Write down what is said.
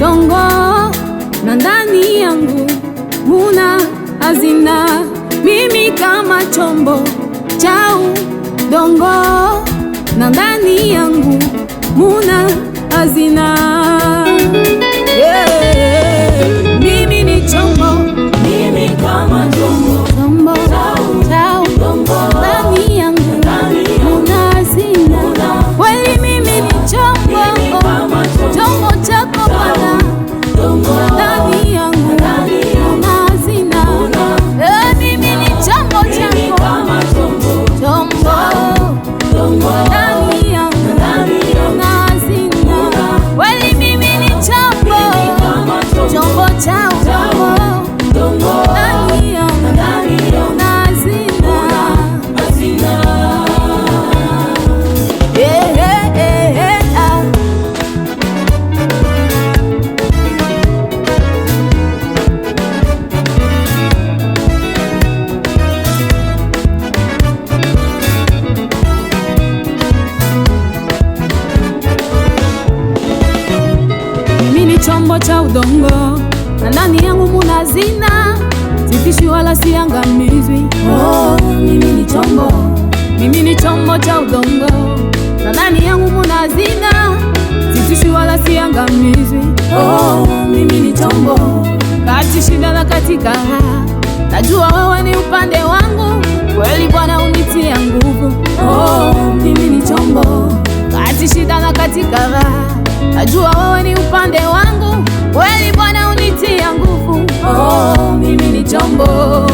dongo na ndani yangu muna hazina, mimi kama chombo cha udongo na ndani yangu muna hazina yeah. chombo cha udongo na ndani yangu muna zina, sifishi wala siangamizwi. Oh, mimi ni chombo, mimi ni chombo cha udongo na ndani yangu muna zina, sifishi wala siangamizwi. Oh, mimi ni chombo, kati shida na katika najua wewe ni upande wangu, kweli Bwana unitia nguvu. Oh, mimi ni chombo, kati shida na katika najua wewe ni upande wangu Yombo.